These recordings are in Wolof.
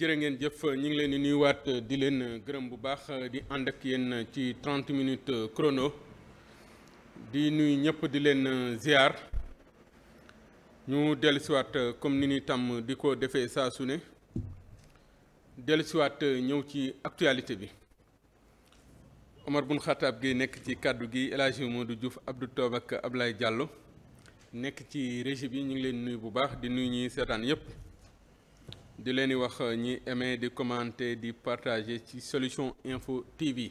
jërë ngeen jëf ñu ngi leen di nuyuwaat di leen gërëm bu baax di ànd ak yéen ci 30 minutes chrono di nuyu ñëpp di leen ziar ñu dellusiwaat comme ni ñuy tàmm di ko defee saa sune ne dellusiwaat ñëw ci actualité bi Omar Bun Xataab gi nekk ci kàddu gi El Hadji Modou Diouf Abdou Toob ak Ablaye Diallo nekk ci régie bi ñu ngi leen nuyu bu baax di nuyu ñuy seetaan yëpp. di leen wax euh, ñi aimé di commenter di partager ci solution info TV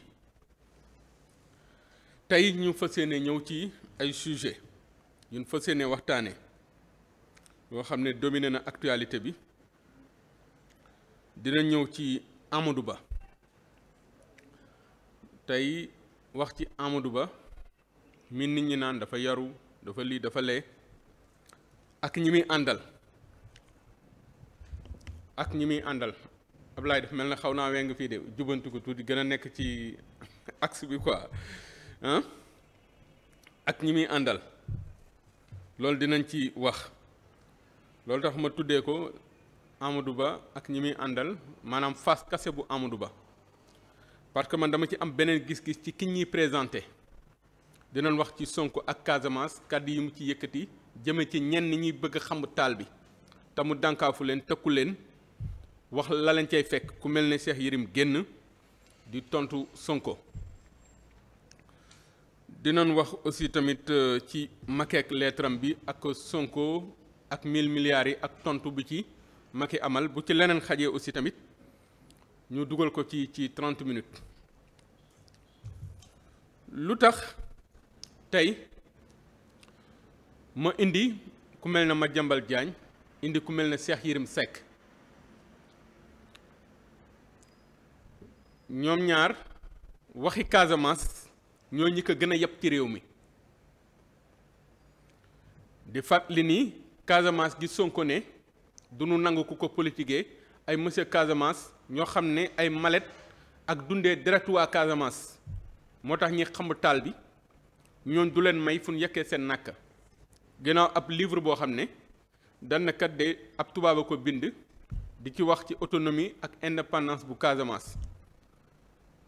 tey ñu fas yéene ñëw ci ay sujet ñun fas yéene waxtaane yoo xam ne dominé na actualité bi dina ñëw ci Amadou Ba tey wax ci Amadou Ba mi nit ñi naan dafa yaru dafa lii dafa lee ak ñi muy àndal ak ñi muy àndal laay daf mel na xaw naa weng fii de jubantu ko tuuti gën a nekk ci axe bi quoi ah ak ñi muy àndal loolu dinañ ci wax loolu tax ma tuddee ko Amadou Ba ak ñi muy àndal maanaam fas cassée bu Amadou Ba parce que man dama ci am beneen gis-gis ci ki ñuy présenté dinañ wax ci Sonko ak Casamance kàddu yi mu ci yëkkati jëme ci ñenn ñi bëgg xam taal bi te mu dànkaafu leen tëkku leen. wax la leen cay fekk ku mel ne seex Yérim génn di tontu Sonko dinañ wax aussi tamit euh, ci makeek lettre am bi ak Sonko ak mille milliards yi ak tontu bi ci Macky amal bu ci leneen xajee aussi tamit ñu dugal ko ci ci trente minutes lu tax tey ma indi ku mel ne Madiambal Diagne indi ku mel ne seex Yérim Seck ñoom ñaar waxi Casamance ñoo ñi ko gën a ci réew mi di fàttali ni Casamance gi Sonko ne du nu nangu ku ko politiquer ay monsieur Casamance ñoo xam ne ay malet ak dundee direct waa Casamance moo tax ñi xamb taal bi ñoom du leen may fu ñu yekkee seen nàkk ginnaaw ab livre boo xam ne dana kat de ab tubaab ko bind di ci wax ci autonomie ak indépendance bu Casamance.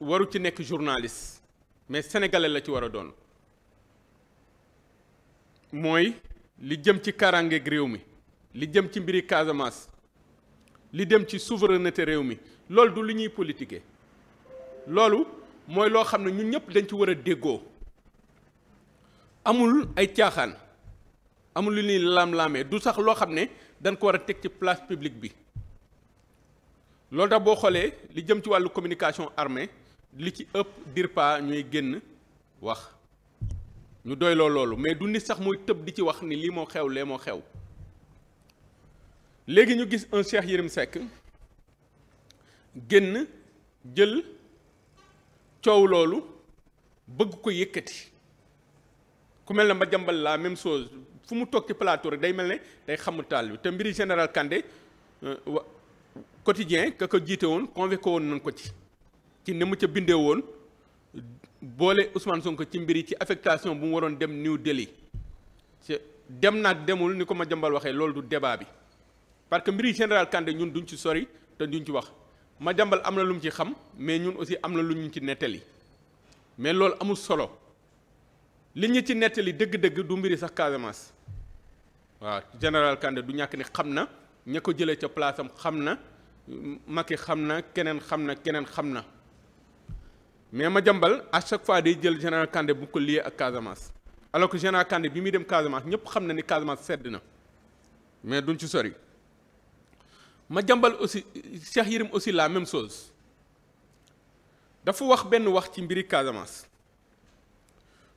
waru ci nekk journaliste mais sénégalais la ci war a doon mooy li jëm ci karangeeg réew mi li jëm ci mbiri Casamance li dem ci souveraineté réew mi loolu du lu ñuy politiquer loolu mooy loo xam ne ñun ñëpp dañ ci war a déggoo amul ay caaxaan amul li ñuy laam-laamee du sax loo xam ne dañ ko war a teg ci place publique bi loolu tax boo xoolee li jëm ci wàllu communication armée li ci ëpp DIRPA ñooy génn wax ñu doyloo loolu mais du nit sax mooy tëb di ci wax ni lii moo xew lee moo xew léegi ñu gis un Cheikh Yérim sekk génn jël coow loolu bëgg ko yëkkati ku mel ne Madiambal laa même chose fu mu toog ci plateau rek day mel ne day xamu taal bi te mbiri général Kandé euh, quotidien ka ko jiite woon convoqué woon nañ ko ci ci ni mu ca bindee woon boole Ousmane Sonko ci mbir yi ci affectation bu mu waroon dem New Delhi ci dem naag demul ni ko ma jambal waxee loolu du débat bi parce que mbir yi général Kandé ñun duñ ci sori te duñ ci wax ma jàmbal am na lu mu ci xam mais ñun aussi am na lu ñu ci nettali mais loolu amul solo li ñu ci nettali dëgg-dëgg du mbiri sax Casamance waaw général kànde du ñàkk ni xam na ña ko jëlee ca place xam na Macky xam na keneen xam na keneen xam na. mais Madiambal à chaque fois day jël général Kandé bu ko lié ak Casamance alors que général Kandé bi muy dem Casamance ñëpp xam na ni Casamance sedd na mais duñ ci sori jàmbal aussi Cheikh Yérim aussi la même chose dafa wax benn wax ci mbiri Casamance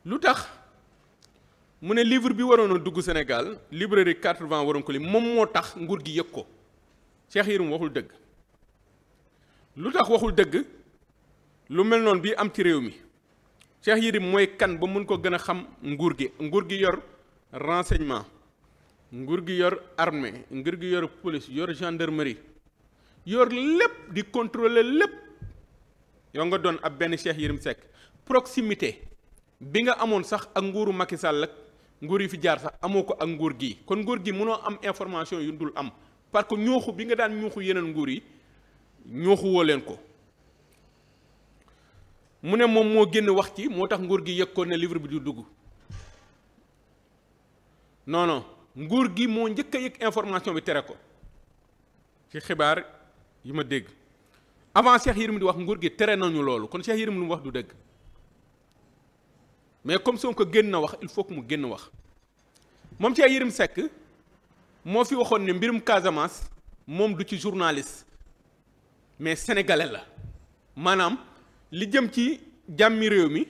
lu tax mu ne livre bi waroon dugg Sénégal librairie quatre-vingts waroon ko li moom moo tax nguur gi yëg ko Cheikh Yérim waxul dëgg lu tax waxul dëgg. lu mel noonu bii am ci réew mi Cheikh Yérim mooy kan ba mun ko gën a xam nguur gi nguur gi yor renseignement nguur gi yor armée nguur gi yor police yor gendarmerie yor lépp di contrôler lépp yow nga doon ab benn Cheikh Yérim sekk proximité bi nga amoon sax ak nguuru Macky Sall ak nguur yi fi jaar sax amoo ko ak nguur gi kon nguur gi mënoo am information yu dul am parce que ñooxu bi nga daan ñooxu yeneen nguur yi ñuuxuwoo leen ko mu ne moom moo génn wax ci moo tax nguur gi yëg ko ne livre bi du dugg noonoo nguur gi moo njëkk a yëg information bi tere ko ci xibaar yi ma dégg avant Cheikh Yérim di wax nguur gi tere nañu loolu kon Cheikh Yérim lu mu wax du dëgg mais comme ko génn na wax il faut que mu génn wax moom Cheikh Yérim Seck moo fi waxoon ne mbirum Casamance moom du ci journaliste mais sénégalais la maanaam. li jëm ci jàmmi réew mi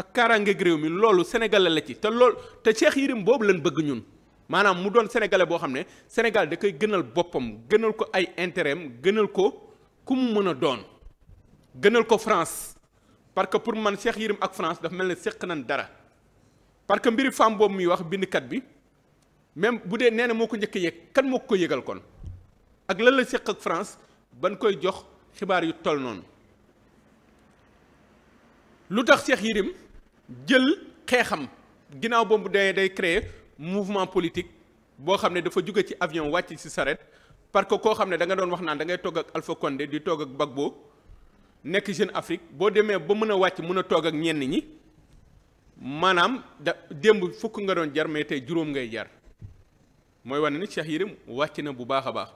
ak kaaraangeeg réew mi loolu sénégalais la ci te lool te Cheikh Yérim boobu lañ bëgg ñun maanaam mu doon sénégalais boo xam ne Sénégal da koy gënal boppam gënal ko ay intérêt am gënal ko ku mu mën a doon gënal ko France parce que pour man Cheikh Yérim ak France dafa mel ne séq nañ dara parce que mbiri femme boobu muy wax bindkat bi même bu dee nee na moo ko njëkk yëg kan moo ko ko yëgal kon ak lan la séq ak France ban koy jox xibaar yu toll noonu lu tax Cheikh Yérim jël xeexam ginnaaw boobu day day créer mouvement politique boo xam ne dafa jóge ci avion wàcc ci saret parce que koo xam ne danga doon wax naan dangay ngay togg ak Alpha Condé di togg ak Gbagbo nekk Jeune Afrique boo demee ba mën a wàcc mën a toog ak ñenn ñi maanaam da démb fukk nga doon jar mais tey juróom ngay jar mooy wane ni Cheikh Yérim wàcc na bu baax a baax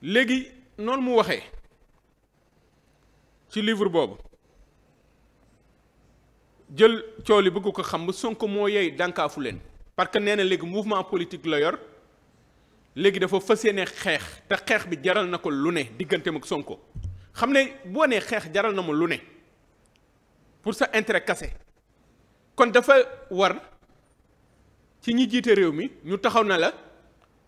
léegi noonu mu waxee ci livre boobu. jël coow li bëgg ko xam ba Sonko moo yey dànkaafu leen parce que nee na léegi mouvement politique la yor léegi dafa fas yéene xeex te xeex bi jaral na ko lu ne digganteem ak Sonko xam ne boo nee xeex jaral na ma lu ne pour sa intérêt kase kon dafa war ci ñi jiite réew mi ñu taxaw na la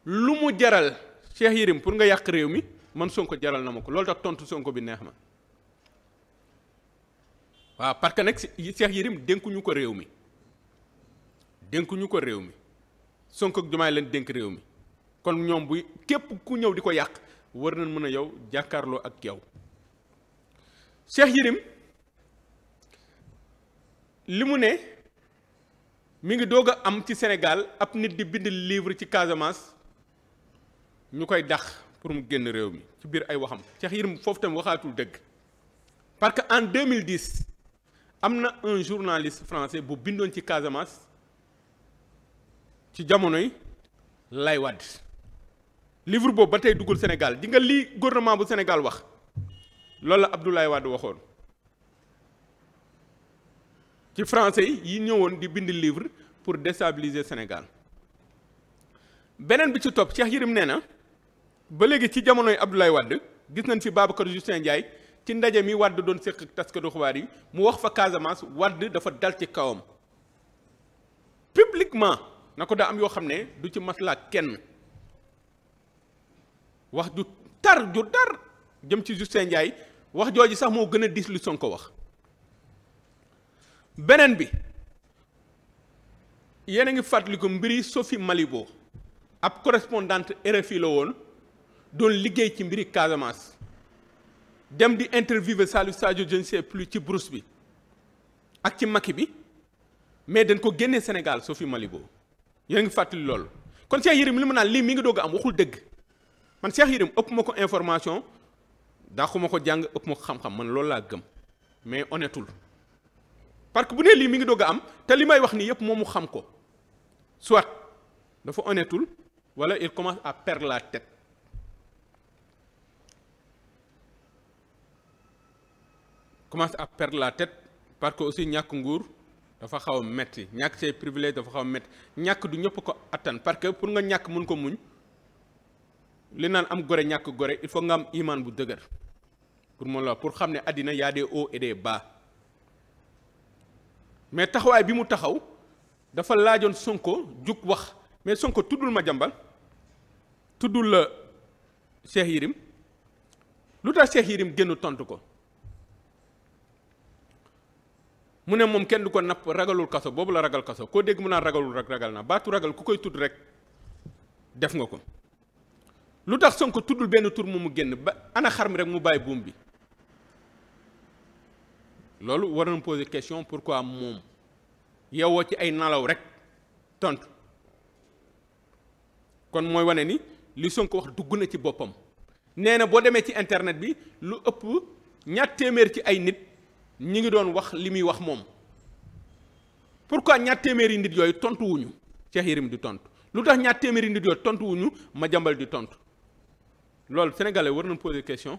lu mu jaral Cheikh Yérim pour nga yàq réew mi man Sonko jaral na ma ko loolu tax tontu Sonko bi neex ma. waaw parce que nag Cheikh Yérim dénkuñu ko réew mi dénkuñu ko réew mi Sonko ak Diomaye leen dénk réew mi kon ñoom bu képp ku ñëw di ko yàq wër na mën a yow jàkkaarloo ak yow Cheikh Yérim li mu ne mu ngi doog a am ci senegal ab nit di bind livre ci Casamance ñu koy dax pour mu génn réew mi ci biir ay waxam Cheikh Yérim foofu tam waxaatul dëgg parce que en 2010 am na un journaliste français bu bindoon ci Casamance ci jamonoy Lay Wade livre boobu ba tey duggul Sénégal di nga lii gouvernement bu Sénégal wax loolu la Abdoulaye Wade waxoon ci français yi ñëwoon di bind livre pour déstabiliser Sénégal beneen bi ci topp Cheikh Yérim nee na ba léegi ci jamonoy Abdoulaye Wade gis nañ fi Babacar Justin Ndiaye ci ndaje mi Wade doon séq ak taskatu xibaar yi mu wax fa Casamance Wade dafa dal ci kawam publiquement na ko daa am yoo xam ne du ci maslaa kenn wax ju tar ju tar jëm ci Justin Ndiaye wax jooju sax moo gën a dis lu Sonko wax beneen bi yéen a ngi fàttaliku mbiri Sophie Malibo ab correspondante RFI la woon doon liggéey ci mbiri Casamance dem di interviewer Salou Sadio je ne sais plus ci Bruce bi ak ci Macky bi mais dañ ko génne Sénégal Sophie Malibo yéen ngi fàttali loolu kon Cheikh Yérim li mu naan lii mi ngi doog a am waxul dëgg man Cheikh Yérim ëpp ma ko information daaxuma ko jàng ëpp ma ko xam-xam man loolu laa gëm mais honnêtul parce que bu nee lii mi ngi doog a am te li may wax nii yépp moom mu xam ko soit dafa honnêtul wala il commence à perdre la commence à perdre la tête parce que aussi ñàkk nguur dafa xaw a metti ñàkk say privilège dafa xaw a ñàkk du ñëpp ko attan parce que pour nga ñàkk mun ko muñ li naan am gore ñàkk gore il faut nga am iman bu dëgër pour moom la pour xam ne àddina y a des hauts et mais taxawaay bi mu taxaw dafa laajoon Sonko jug wax mais Sonko tuddul ma jàmbal tuddul la Cheikh Yirim lu tax Cheikh Yirim génn tontu ko. mu ne moom kenn du ko napp ragalul kaso boobu la ragal kaso koo dégg mu naan ragalul rek ragal na baatu ragal ku koy tudd rek def nga ko lu tax Sonko tuddul benn tur mu mu génn ba ana xar mi rek mu bàyyi buum bi loolu war nañ poser question pourquoi moom yowoo ci ay nalaw rek tontu kon mooy wane ni li Sonko wax dugg na ci boppam nee na boo demee ci internet bi lu ëpp ñaar téeméer ci ay nit. ñi ngi doon wax li muy wax moom pour pourquoi ñaar téeméeri nit yooyu tontuwuñu seex Cheikh Yérim di tontu lu tax ñaar téeméeri nit yooyu tontu wuñu ma jàmbal di tontu loolu sénégalais war nañ poser question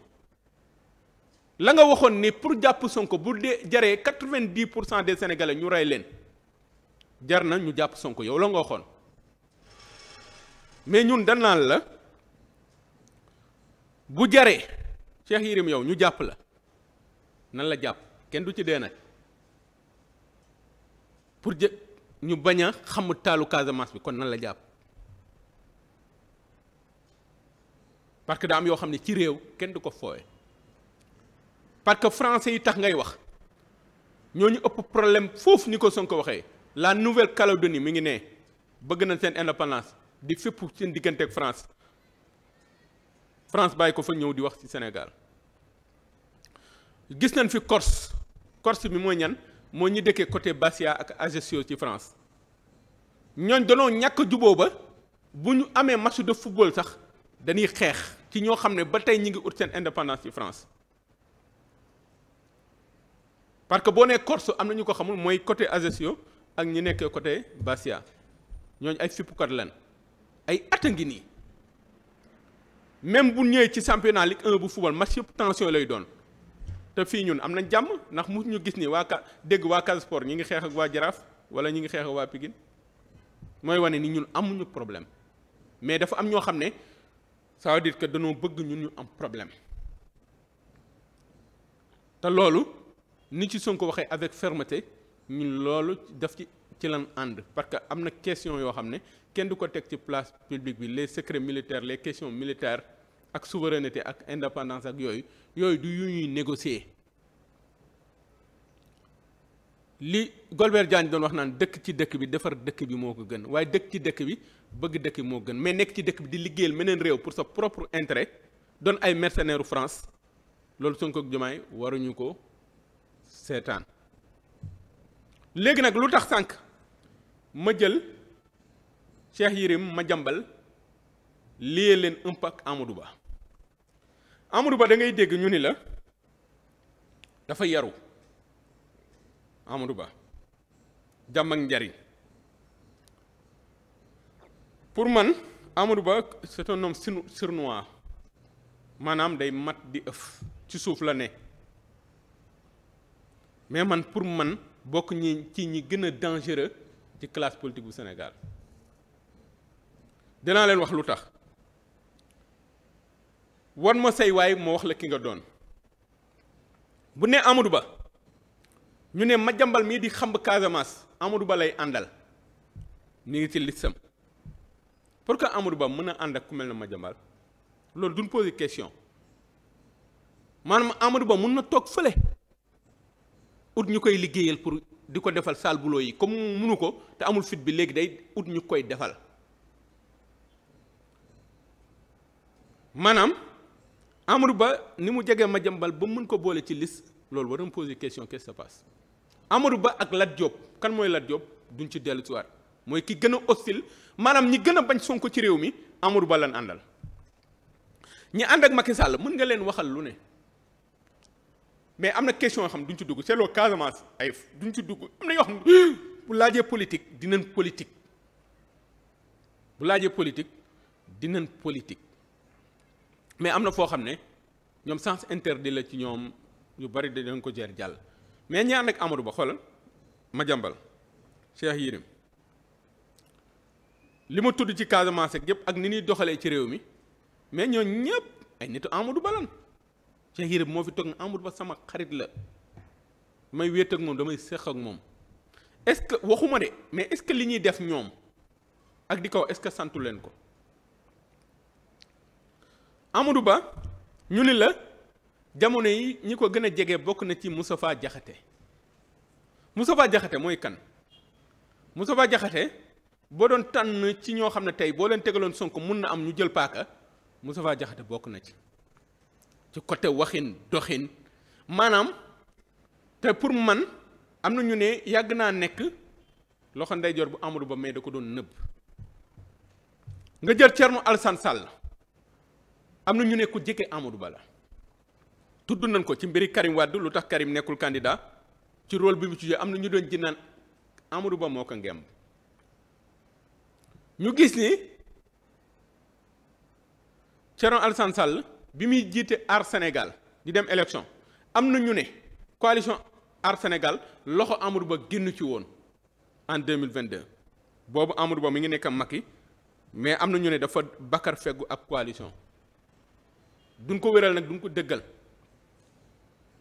la nga waxoon ni pour jàpp Sonko bu dee jaree quatre vingt pour cent des sénégalais ñu rey leen jar na ñu jàpp Sonko yow la nga waxoon mais ñun dañ naan la bu jaree Cheikh Yérim yow ñu jàpp la nan la jàpp. kenn du ci dee nag pour jë ñu bañ a xam taalu Casamance bi kon na la jàpp parce que daa am yoo xam ne ci réew kenn du ko fooye parce que français yi tax ngay wax ñoo ñu ëpp problème foofu ni ko ko waxee la Nouvelle-Calédonie mi ngi ne bëgg na seen indépendance di fépp seen diggante ak France France bàyyi ko fa ñëw di wax ci Sénégal gis nañ fi Corse Corse bi mooy ñan moo ñu dëkkee côté Bastia ak Ajaccio ci France ñooñ danoo ñàkk juboo ba bu ñu amee match de football sax dañuy xeex ci ñoo xam ne ba tey ñi ngi ut seen indépendance ci France parce que boo nee Corse am na ñu ko xamul mooy côté Ajaccio ak ñu nekkee côté Bastia ñooñu ay fippukat lan ay at a ngi nii même bu ñëwee ci championnat Ligue 1 bu football match yëpp tension lay doon te fii ñun am nañ jàmm ndax mu ñu gis ni waa ka dégg waa Casa Sport ñi ngi xeex ak waa Jaraaf wala ñi ngi xeex ak waa Pikine mooy wane ni ñun amuñu problème mais dafa am ñoo xam ne ça veut dire que dañoo bëgg ñun ñu am problème te loolu ni ci ko waxee avec fermeté ñun loolu daf ci ci lan ànd parce que am na question yoo xam ne kenn du ko teg ci place publique bi le secrets militaires les question militaires ak souveraineté ak indépendance ak yooyu yooyu du yu ñuy négocier li Golbert Diagne doon wax naan dëkk ci dëkk bi defar dëkk bi moo ko gën waaye dëkk ci dëkk bi bëgg dëkk bi moo gën mais nekk ci dëkk bi di liggéeyal meneen réew pour sa propre intérêt doon ay mercenaire u France loolu Sonko ak Diomaye waruñu ko seetaan léegi nag lu tax sànq ma jël Cheikh ma jàmbal lié leen un Amadou Ba Amadou Ba dangay ngay dégg ñu ni la dafa yaru Amadou Ba jàmm ak njariñ pour man Amadou Ba c'est un homme sournois maanaam day mat di ëf ci suuf la ne mais man pour man bokk ñi ci ñi gën a dangereux ci classe politique bu Sénégal dinaa leen wax lu tax wan ma sey waay moo wax la ki nga doon bu ne Amadou Ba ñu ne Madiambal mii di xamb Casamance Amadou Ba lay àndal mi ngi ci listam pour que Amadou Ba mën a ànd ak ku mel ne Madiambal loolu duñ poser question maanaam Amadou Ba mun na toog fële ut ñu koy liggéeyal pour di ko defal sale boulot yi comme munu ko te amul fit bi léegi day ut ñu koy defal maanaam Amadou Ba ni mu jegee ma Madiambal ba mu mën ko boole ci liste loolu war na poser question qu'est-ce qui passe Amadou Ba ak Lat Diop kan mooy Lat Diop duñ ci dellu siwaat mooy ki gën a hostile maanaam ñi gën a bañ Sonko ci réew mi Amadou Ba lan àndal ñi ànd ak Macky Sall mën nga leen waxal lu ne mais am na question yoo xam duñ ci dugg c'est le Casamance ay duñ ci dugg am yoo xam bu laajee politique dinañ politique bu laajee politique dinañ politique mais am na foo xam ne ñoom sens interdit la ci ñoom yu bari dañ ko jeer jàll mais ñaan nag Amadou Ba xoolal ma jàmbal Cheikh Yérim li ma tudd ci Casamance ak yëpp ak ni ñuy doxalee ci réew mi mais ñoo ñëpp ay nitu Amadou Ba lan Cheikh Yérim moo fi toog na Amadou Ba sama xarit la may wéet ak moom damay séq ak moom est-ce que waxuma de mais est-ce que li ñuy def ñoom ak di kaw est-ce que santu leen ko Amadou Ba ñu ni la jamono yi ñi ko gën a jege bokk na ci Moustapha Diakhaté Moustapha Diakhaté mooy kan Moustapha Diakhaté boo doon tànn ci ñoo xam ne tey boo leen tegaloon sonk mun na am ñu jël paaka Moustapha jaxate bokk na ci ci côté waxin doxin maanaam te pour man am na ñu ne yàgg naa nekk loxo ndeyjoor bu Amadou Ba mais da ko doon nëbb nga jël Thierno Alassane Sall am na ñu ne ku jege Amadou Ba la tudd nañ ko ci mbiri Karim Wade lu tax Karim nekkul candidat ci role bi mu ci am na ñu doon ji naan Amadou Ba moo ko ngemb ñu gis ni Thierno Alassane bi muy jiite Aar Sénégal di dem élection am na ñu ne coalition Aar Sénégal loxo Amadou Ba génn ci woon en deux mille vingt deux boobu Amadou Ba mi ngi nekk Macky mais am na ñu ne dafa bakkar feggu ab coalition. duñ ko wéral nag duñ ko dëggal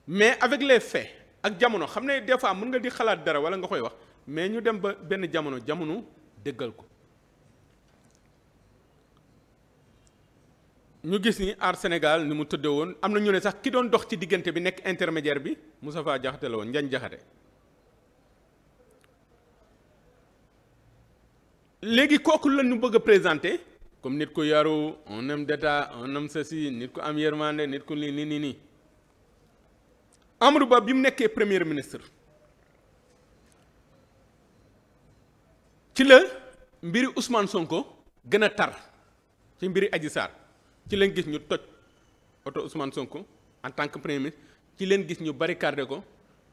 mais avec les faits ak jamono xam ne des fois mën nga di xalaat dara wala nga koy wax mais ñu dem ba benn jamono jamono dëggal ko ñu gis ni aar Sénégal ni mu tëddee woon am na ñu ne sax ki doon dox ci diggante bi nekk intermédiaire bi Moustapha Diakhaté la woon njañ Diakhaté léegi kooku la ñu bëgg a présenté comme nit ku yaru un homme d'état un homme ceci nit ku am yërmande nit ku li ni ni nii Amadou Ba bi mu nekkee premier ministre ci la mbiri Ousmane Sonko gën a tar ci mbiri Adji ci leen gis ñu toj oto Ousmane Sonko en tant que premier ministre ci leen gis ñu bari barricade ko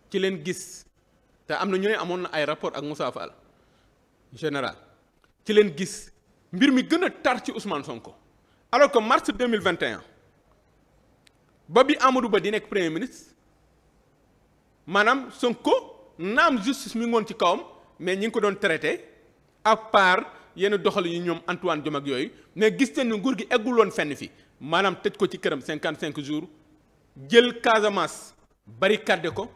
ci leen gis te am na ñu ne amoon na ay rapport ak Moussa Fall général ci leen gis mbir mi gën a tar ci Ousmane Sonko alors que mars 2021 ba bi Amadou Ba di nekk premier ministre maanaam Sonko naam justice mi ngoon ci kawam mais ñi ngi ko doon traité à part yenn doxal yi ñoom Antoine jom ak yooyu mais gis nañ ne nguur gi egguloon woon fenn fi maanaam tëj ko ci këram 55 jours jël Casamance barricade ko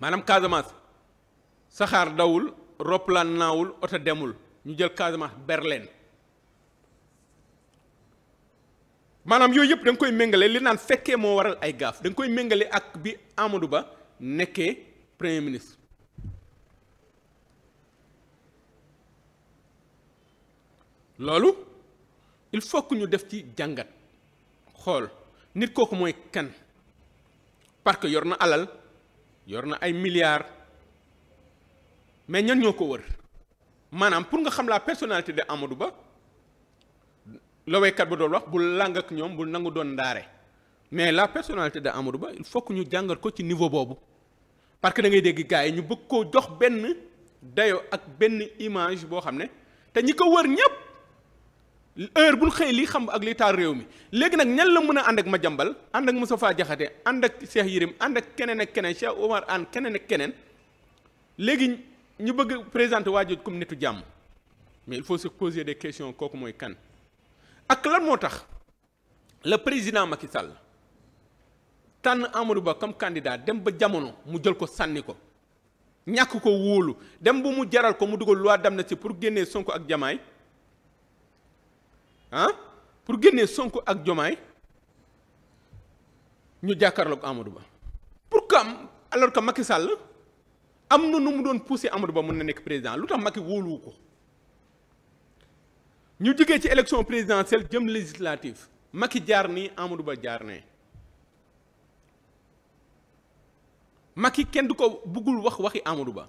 maanaam Casamance saxaar dawul roplaan naawul oto demul. ñu jël Casamance berlin maanaam yooyu yëpp da koy méngale li naan fekkee moo waral ay gaaf da koy méngale ak bi Amadou Ba nekkee premier ministre loolu il faut que ñu def ci jàngat xool nit kooku mooy kan parce que yor na alal yor na ay milliards mais ñan ñoo ko wër maanaam pour nga xam la personnalité de amadu Ba la ba doon wax bu làng ak ñoom bu nangu doon ndaare mais la personnalité de Amadou Ba il ñu jàngat ko ci niveau boobu parce que da ngay dégg gars yi ñu bëgg koo jox benn dayo ak benn image boo xam ne te ñi ko wër ñëpp heure bul ñu xëy li xam ak li taal réew mi léegi nag ñan la mën a ànd ak ma jàmbal ànd ak Moustapha Diakhaté ànd ak Cheikh Yérim ànd ak keneen ak keneen Cheikh Omar Anne keneen ak keneen léegi. ñu bëgg présenter waa jooju comme nitu jàmm mais il faut se poser des question kooku mooy kan ak lan moo tax le président Macky Sall tànn Amadou Ba comme candidat dem ba jamono mu jël ko sànni ko ñàkk ko wóolu dem ba mu jaral ko mu dugal na d'amnistie pour génnee Sonko ak Diomaye ah pour génnee Sonko ak Diomaye ñu jàkkaarloog Amadou Ba pour que alors que Macky Sall. am na nu mu doon poussé Amadou Ba mën na nekk président lu tax Macky wóoluwu ko ñu jigee ci élection présidentielle jëm législative Macky jaar nii Amadou Ba jaar ne Macky kenn du ko bëggul wax waxi Amadou Ba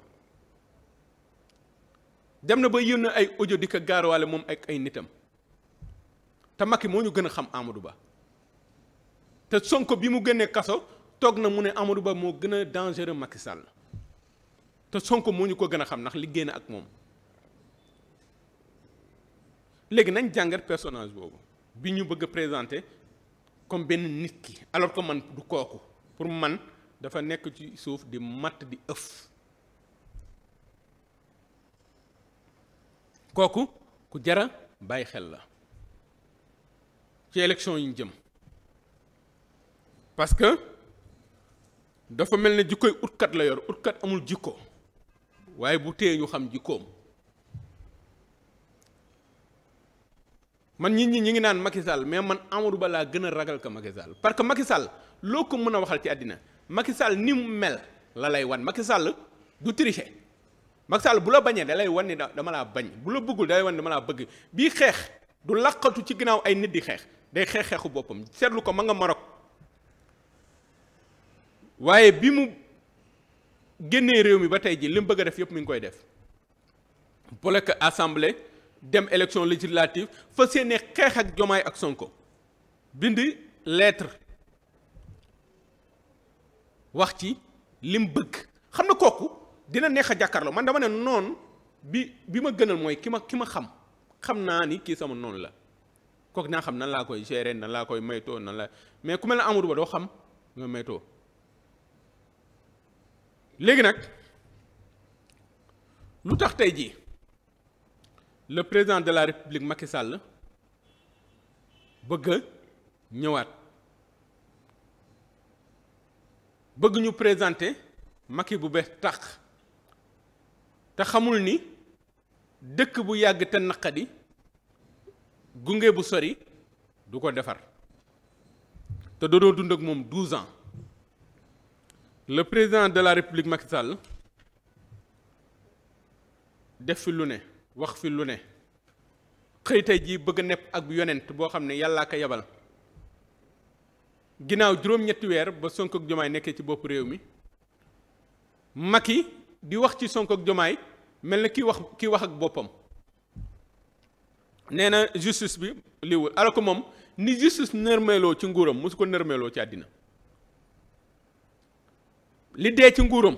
dem na ba yónn ay ojo di ko gaaruwaale moom ak ay nitam te Macky moo ñu gën a xam Amadou Ba te Sonko bi mu génnee kaso toog na mu ne Amadou Ba moo gën a dangereux Macky sàll te sonk moo ñu ko gën a xam ndax liggéey na ak moom léegi nañ jàngat personnage boobu bi ñu bëgg a comme benn nit ki alors que man du kooku pour man dafa nekk ci suuf di matt di ëf kooku ku jara bàyyi xel la ci élection yi jëm parce que dafa mel ne jikkoy utkat la yor utkat amul jikko waaye bu tee ñu xam jikkoom man nit ñi ñi ngi naan Macky mais man Amadou Ba laa gën a ragal ko Macky Sall parce que Macky Sall loo ko mën a waxal ci àddina Macky Sall ni mu mel la lay wan Macky Sall du tricher Macky bu la bañee da lay wan ni dama laa bañ bu la bëggul da lay wan dama laa bëgg bii xeex du laqatu ci ginnaaw ay nit di xeex day xeex xeexu boppam seetlu ko ma nga Maroc waaye bi mu. génne réew mi ba tey ji li mu bëgg a def yëpp mu ngi koy def bloqué assemblée dem élection législative fas yéene xeex ak Jomaay ak Sonko bind lettre wax ci li mu bëgg xam na kooku dina neex a jàkkaarloo man dama ne noon bi bi ma gënal mooy ki ma ki ma xam xam naa ni kii sama noonu la kooku naa xam nan laa koy gérer na laa koy maytoo na la mais ku mel na Amadou Ba doo xam nga maytoo léegi nag lu tax tey jii le président de la république maki Sall bëgg a ñëwaat bëgg ñu présenter maki bu beex tax te xamul ni dëkk bu yàgg te naqadi gunge bu sori du ko defar te doo dund ak moom 12 ans. le président de la république Macky Sall def fi lu ne wax fi lu ne xëy tey jii bëgg a nepp ak yonent boo xam ne yàllaa ko yebal ginnaaw juróom-ñetti weer ba sonk ak Jomaay nekkee ci bopp réew mi Macky di wax ci sonk ak Jomaay mel na ki wax ki wax ak boppam nee na justice bi liwul alors que moom ni justice nërmeeloo ci nguuram mosu ko nërmeeloo ci àddina li dee ci nguuram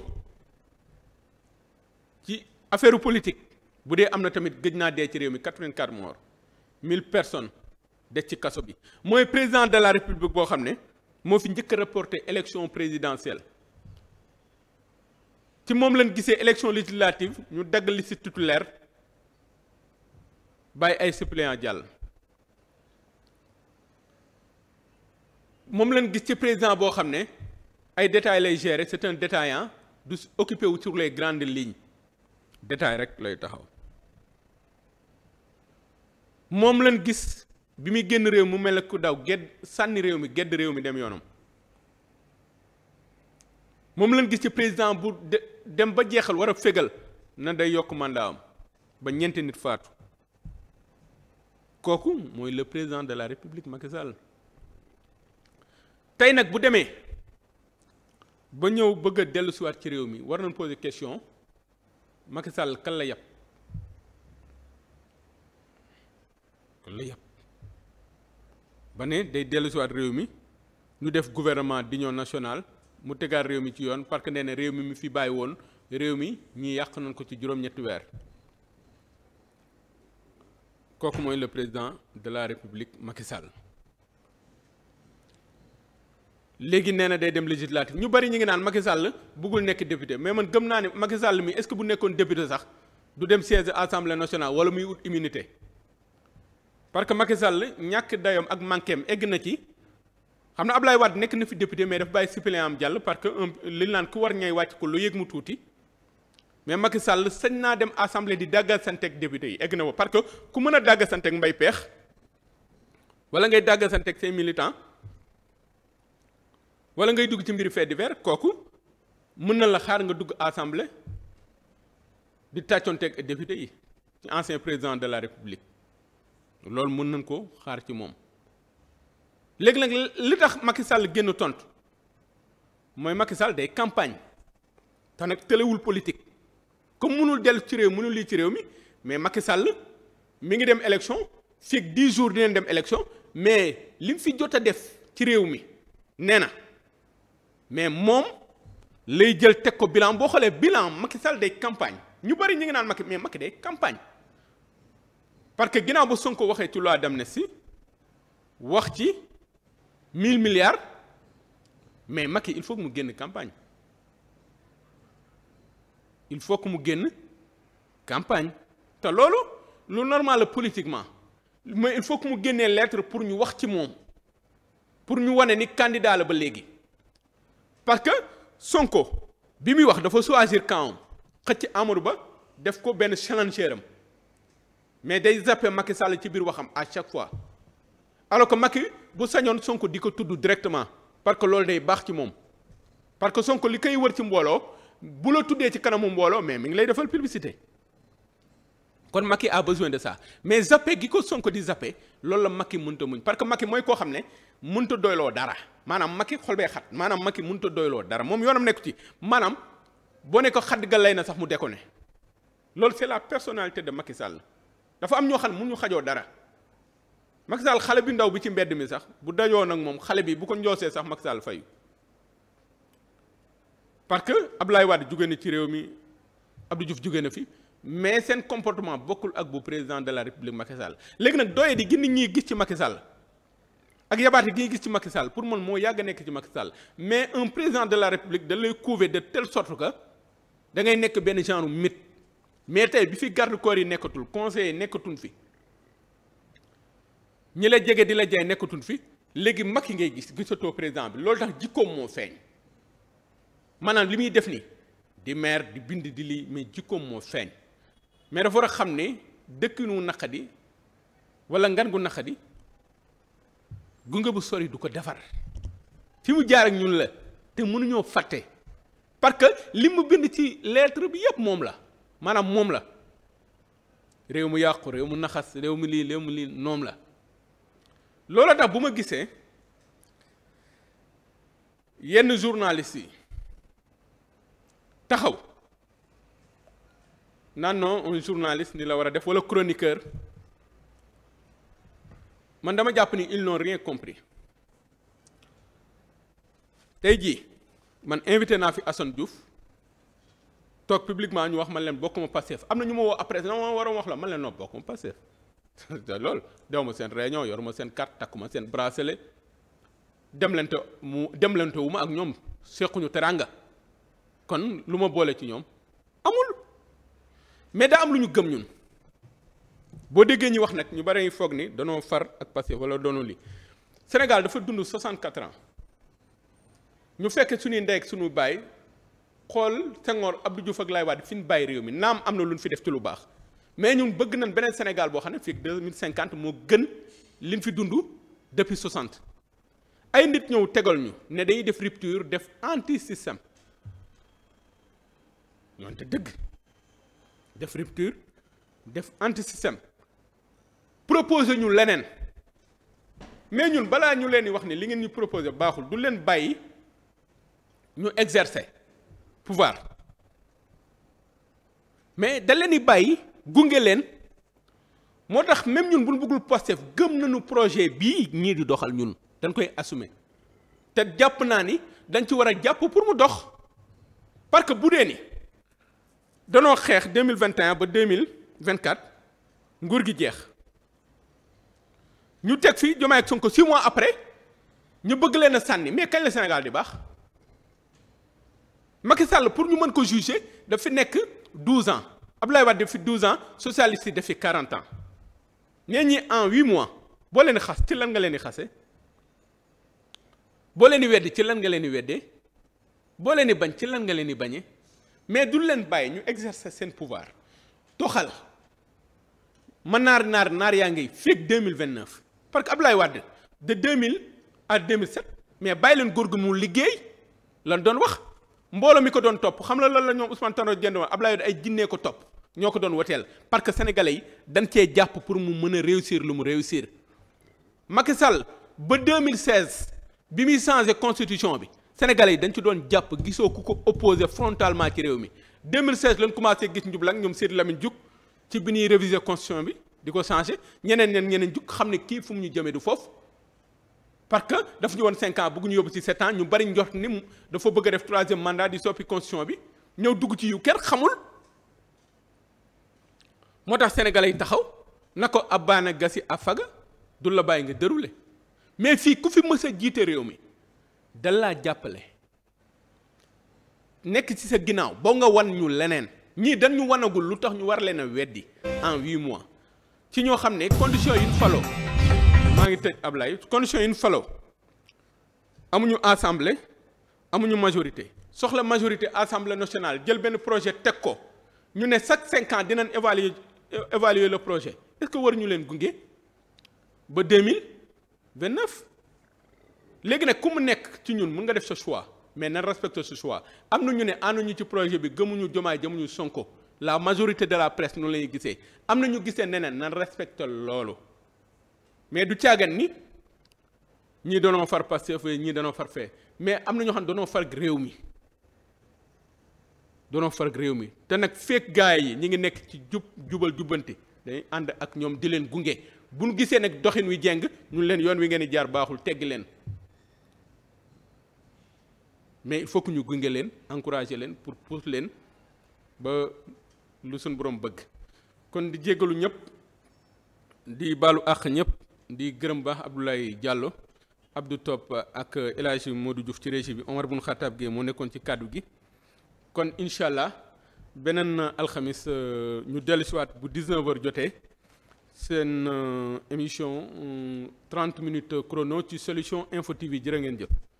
ci affaire politique bu dee am na tamit gëj naa dee ci réew mi 84 morts 1000 personnes des ci kaso bi mooy président de la république boo xam ne moo fi njëkk a reporté élection présidentielle ci moom lañ gisee élection législative ñu dagg liste titulaire bàyyi ay suppléant jàll moom lañ gis ci président boo xam ne ay détails lay gérer c'est un détaillant du occupé wu sur les grandes lignes détail rek lay taxaw moom lañ gis bi muy génn réew mu mel ku daw gedd sànni réew mi gedd réew mi dem yoonam moom lañ gis ci président bu dem ba jeexal war a fégal na day yokk mandat am ba ñeente nit faatu kooku mooy le président de la république Macky tey nag bu demee ba ñëw bëgg dellusiwaat ci réew mi war nañ poser question Macky Sall kan la yàpp yàpp ba ne day dellusiwaat réew mi ñu def gouvernement d'union nationale mu tegaat réew mi ci yoon parce que nee na réew mi mu fi bàyyi woon réew mi ñi yàq nañ ko ci juróom-ñetti weer kooku mooy le président de la république Macky léegi nee na day dem législative ñu bari ñu ngi naan Macky Sall bëggul nekk député mais man gëm naa ne Macky Sall mi est-ce que bu nekkoon député sax du dem siège assemblée nationale wala muy ut immunité parce que Macky Sall ñàkk dayoom ak manquéem egg na ci xam na Ablaye Wade nekk na fi député mais daf bàyyi suppléant am jàll parce que li naan ku war ñay wàcc ko lu yëg mu tuuti mais Macky Sall sañ naa dem assemblée di dàggal santeeg député yi egg na ko parce que ku mën a dàgg santeeg mbay peex wala ngay dàggal santeeg say militants. wala ngay dugg ci mbiri fait divers kooku mën na la xaar nga dugg assemblée di tàccoonteeg député yi ci ancien président de la république loolu mën nañ ko xaar ci moom léegi nag li tax Macky Sall génn tontu mooy Macky Sall day campagne te nag tëlewul politique comme mënul dellu ci réew mënul lii ci réew mi mais Macky Sall mi ngi dem élection fii di 10 jours dinañ dem élection mais li mu fi jot a def ci réew mi nee na mais moom lay jël teg ko bilan boo xoolee bilan Macky Sall day campagne ñu bari ñu ngi naan Macky mais Macky day campagne parce que ginnaaw ba ko waxee ci dem loi si wax ci mille milliards mais Macky il faut que mu génn campagne il faut que mu génn campagne te loolu lu normal la politiquement mais il faut que mu génnee lettre pour ñu wax ci moom pour ñu wane ni candidat la ba léegi. parce que Sonko bi muy wax dafa choisir camp xëcc Amadou Ba def ko benn challenger am mais day zappé Macky Sall ci biir waxam à chaque fois alors que Macky bu sañoon Sonko di ko tudd directement parce que loolu day baax ci moom parce que sonk li koy wër ci mbooloo bu la tuddee ci kanamu mbooloo mais mi ngi lay defal publicité. kon Macky a besoin de ça mais zappé gi ko Sonko di zappé loolu la Macky mënta muñ parce que Macky mooy koo xam ne mënta doyloo dara maanaam Macky xol bee xat maanaam Macky mënta doyloo dara moom yoonam nekku ci maanaam boo nekk ko xadd ga lay na sax mu déconné loolu c'est la personnalité de Macky Sall dafa am ñoo xam ne ñu xajoo dara Macky Sall xale bi ndaw bi ci mbedd mi sax bu dajoo nag moom xale bi bu ko njoosee sax Macky Sall fayu parce que ab lay jóge na ci réew mi Abdou Diouf jóge fi mais seen comportement bokkul ak bu président de la république Macky Sall léegi nag doye di gën ñuy gis ci Macky Sall ak yabaate gi gis ci Macky Sall pour man moo yàgg nekk ci Macky Sall mais un président de la république da lay couver de tele sorte que da ngay nekk benn genre mythe mais tey bi fi garde corps yi nekkatul conseiller nekkatul fi ñi la jege di la jaay nekkatul fi léegi Macky ngay gis gisatoo président bi loolu tax jikkoom moo feeñ li muy def ni di maire bind di lii jikkoom moo feeñ. mais dafa war a xam ne dëkkinu naqadi wala ngan gu naqadi gunge bu sori du ko defar fi mu jaar ak ñun la te mënuñoo fàtte parce que li mu bind ci lettre bi yépp moom la maanaam moom la réew mu yàqu réew mu naxas réew mu lii réew mu lii noom la loolu tax bu ma gisee yenn journaliste yi taxaw naan non un journaliste ni la war a def wala chroniqueur man dama jàpp ni ils n'ont rien compris tey jii man invité naa fi Assane Diouf toog publiquement ñu wax man leen bokkuma Pastef am na ñu ma woo après non ma waroon wax la man leen non bokkuma Pastef te loolu dew ma seen réunion yor ma seen carte takkuma seen bracelet demlante mu demlante wu ma ak ñoom sequñu teranga kon lu ma boole ci ñoom amul mais daa am lu ñu gëm ñun boo déggee ñi wax nag ñu bari foog ni danoo far ak Pastef wala doonu lii Sénégal dafa dund 64 ans ñu fekk suñuy ndey ak suñu baay xool Senghor Abdou Diouf ak Laye Wade fi ñu bàyyi réew mi naam am na lu ñu fi def ci lu baax mais ñun bëgg nañ beneen Sénégal boo xam ne fii 2050 moo gën liñ fi dund depuis 60 ay nit ñëw tegal ñu ne dañuy def rupture def anti système ñoonte dëgg. def rupture def antisystème proposé ñu leneen mais ñun balaa ñu leen di wax ni li ngeen ñu proposé baaxul du leen bàyyi ñu exercer pouvoir mais da leen di bàyyi gunge leen moo tax même ñun bu ñu bëggul Pastef gëm nañu projet bii ñii di doxal ñun dañ koy assumer te jàpp naa ni dañ ci war a jàpp pour mu dox parce que bu dee ni. danoo xeex 2021 ba 2024 nguur gi jeex ñu teg fi Diomaye ak ko six mois après ñu bëgg leen a sànni mais kañ la Sénégal di baax Macky Sall pour ñu mën ko juger daf fi nekk 12 ans Abdoulaye Wade daf fi 12 ans socialiste yi daf fi 40 ans ñeen ñi en 8 mois boo leen xas ci lan nga leen di xase boo leen di weddi ci lan nga leen di weddee boo leen bañ ci lan nga leen di bañee. mais du leen bàyyi ñu exercer seen pouvoir toxal ma naar naar naar yaa ngi fekk deux mille vingt neuf parce que Abdoulaye Wade de deux mille à deux mais bàyyi leen góor gu mu liggéey lan doon wax mbooloo mi ko doon topp xam la loolu la ñoom Ousmane Tanor Dieng doon Abdoulaye Wade ay jinnee ko topp ñoo ko doon woteel parce que sénégalais yi dañ cee jàpp pour mu mën a réussir lu mu réussir Macky Sall ba 2016 bi muy changé constitution bi. sénégalais yi dañ ci doon jàpp gisoo ku ko opposé frontalement ci réew mi 2016 lañ commencé gis njublang ñoom Sidy Lamine Diouf ci bi ñuy réviser constitution bi di ko changé ñeneen ñeneen ñeneen jug xam ne kii fu mu ñu jëmee du foofu parce que daf ñu woon 5 ans bëgg ñu yóbbu ci 7 ans ñu bari njort ni dafa bëgg a def troisième mandat di soppi constitution bi ñëw dugg ci yu kenn xamul moo tax sénégalais yi taxaw na ko abbaana gasi a faga du la bàyyi nga déroulé mais fii ku fi mës a réew mi dal laa jàppale nekk ci sa ginnaaw ba nga wan ñu leneen ñii dañ wanagul lu tax ñu war leen a weddi en huit mois ci ñoo xam ne condition yi falo maa ngi tëj Ablaye condition yi falo amuñu assemblée amuñu majorité soxla majorité assemblée nationale jël benn projet teg ko ñu ne chaque cinq ans dinañ évalue évaluer le projet est war ñu leen gunge ba deux mille vingt-neuf léegi nag ku mu nekk ci ñun mun nga def sa choix mais nan respecte ce choix am na ñu ne ànduñu ci projet bi gëmuñu jomaay gëmuñu Sonko la majorité de la presse noonu lay gisee am na ñu gisee neneen nan respecte loolu mais du caagan ni ñii danoo far Pastef ñii danoo far fee mais am na ñoo xam ne danoo far réew mi danoo far réew mi te nag fekk gaay yi ñi ngi nekk ci jub jubal jubbanti dañuy ànd ak ñoom di leen gunge bu ñu gisee nag doxin wi jeng ñu leen yoon wi ngeen di jaar baaxul teggi leen mais il faut ñu gunge leen encourager leen pour pousse leen ba lu suñ borom bëgg kon di jéggalu ñëpp di baalu àq ñëpp di gërëm baax Abdoulaye Diallo Abdou Top ak El moo du Diouf ci régie bi Omar Bun Khattab Gueye moo nekkoon ci kàddu gi kon incha allah beneen alxamis euh, ñu dellusiwaat bu 19h jotee seen euh, émission euh, trente minutes chrono ci solution info TV jërë ngeen jëf.